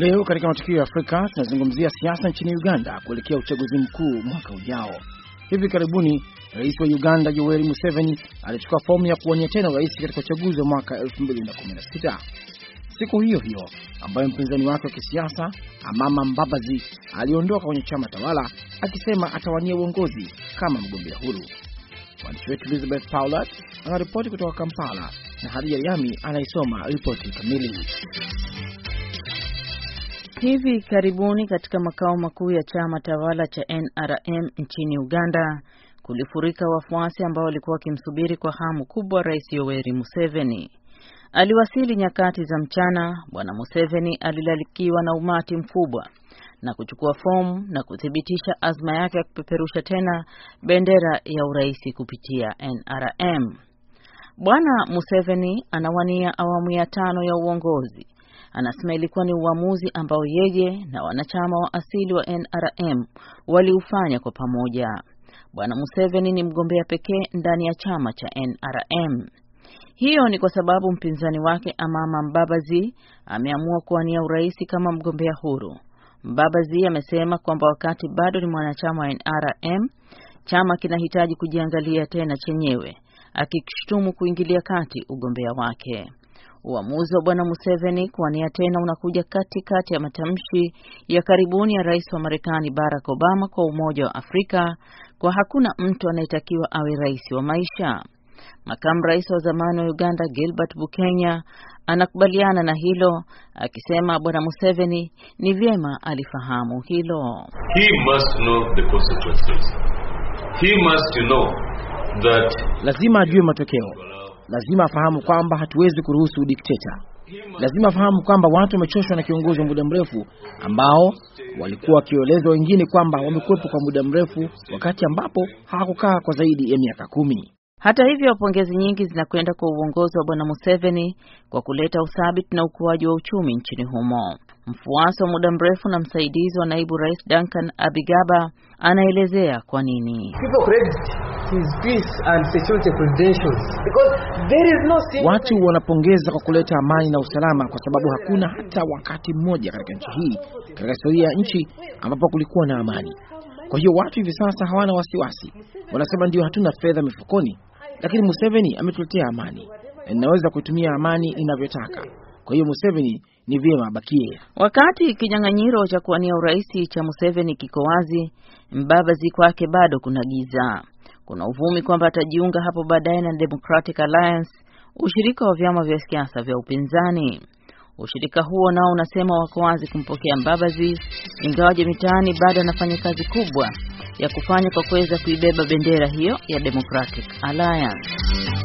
Leo katika matukio ya Afrika tunazungumzia siasa nchini Uganda kuelekea uchaguzi mkuu mwaka ujao. Hivi karibuni rais wa Uganda Yoweri Museveni alichukua fomu ya kuwania tena urais katika uchaguzi wa mwaka 2016. Siku hiyo hiyo ambayo mpinzani wake wa kisiasa Amama Mbabazi aliondoka kwenye chama tawala akisema atawania uongozi kama mgombea huru. Mwandishi wetu Elizabeth Paulat anaripoti kutoka Kampala na Hadija Riami anaisoma ripoti kamili. Hivi karibuni katika makao makuu ya chama tawala cha NRM nchini Uganda kulifurika wafuasi ambao walikuwa wakimsubiri kwa hamu kubwa Rais Yoweri Museveni. Aliwasili nyakati za mchana. Bwana Museveni alilalikiwa na umati mkubwa na kuchukua fomu na kuthibitisha azma yake ya kupeperusha tena bendera ya uraisi kupitia NRM. Bwana Museveni anawania awamu ya tano ya uongozi Anasema ilikuwa ni uamuzi ambao yeye na wanachama wa asili wa NRM waliufanya kwa pamoja. Bwana Museveni ni mgombea pekee ndani ya chama cha NRM. Hiyo ni kwa sababu mpinzani wake Amama Mbabazi ameamua kuwania urais kama mgombea huru. Mbabazi amesema kwamba wakati bado ni mwanachama wa NRM, chama kinahitaji kujiangalia tena chenyewe, akishutumu kuingilia kati ugombea wake. Uamuzi wa Bwana Museveni kuwania tena unakuja katikati kati ya matamshi ya karibuni ya Rais wa Marekani Barack Obama kwa Umoja wa Afrika kwa hakuna mtu anayetakiwa awe rais wa maisha. Makamu Rais wa zamani wa Uganda Gilbert Bukenya anakubaliana na hilo akisema Bwana Museveni ni vyema alifahamu hilo. He must know the consequences. He must know that... lazima ajue matokeo Lazima afahamu kwamba hatuwezi kuruhusu udikteta. Lazima afahamu kwamba watu wamechoshwa na kiongozi wa muda mrefu ambao walikuwa wakieleza wengine kwamba wamekuwepo kwa muda mrefu, wakati ambapo hawakukaa kwa zaidi ya miaka kumi. Hata hivyo, pongezi nyingi zinakwenda kwa uongozi wa Bwana Museveni kwa kuleta uthabiti na ukuaji wa uchumi nchini humo. Mfuasi wa muda mrefu na msaidizi wa naibu rais Duncan Abigaba anaelezea kwa nini his peace and security credentials because there is no watu wanapongeza kwa kuleta amani na usalama, kwa sababu hakuna hata wakati mmoja katika nchi hii katika historia ya nchi ambapo kulikuwa na amani. Kwa hiyo watu hivi sasa hawana wasiwasi, wanasema ndio, hatuna fedha mifukoni, lakini Museveni ametuletea amani na ninaweza kuitumia amani inavyotaka. Kwa hiyo Museveni ni vyema abakie. Wakati kinyang'anyiro cha kuwania urais cha Museveni kiko wazi, Mbabazi kwake bado kuna giza. Kuna uvumi kwamba atajiunga hapo baadaye na Democratic Alliance, ushirika wa vyama vya siasa vya upinzani. Ushirika huo nao unasema wako wazi kumpokea Mbabazi, ingawaje mitaani bado anafanya kazi kubwa ya kufanya kwa kuweza kuibeba bendera hiyo ya Democratic Alliance.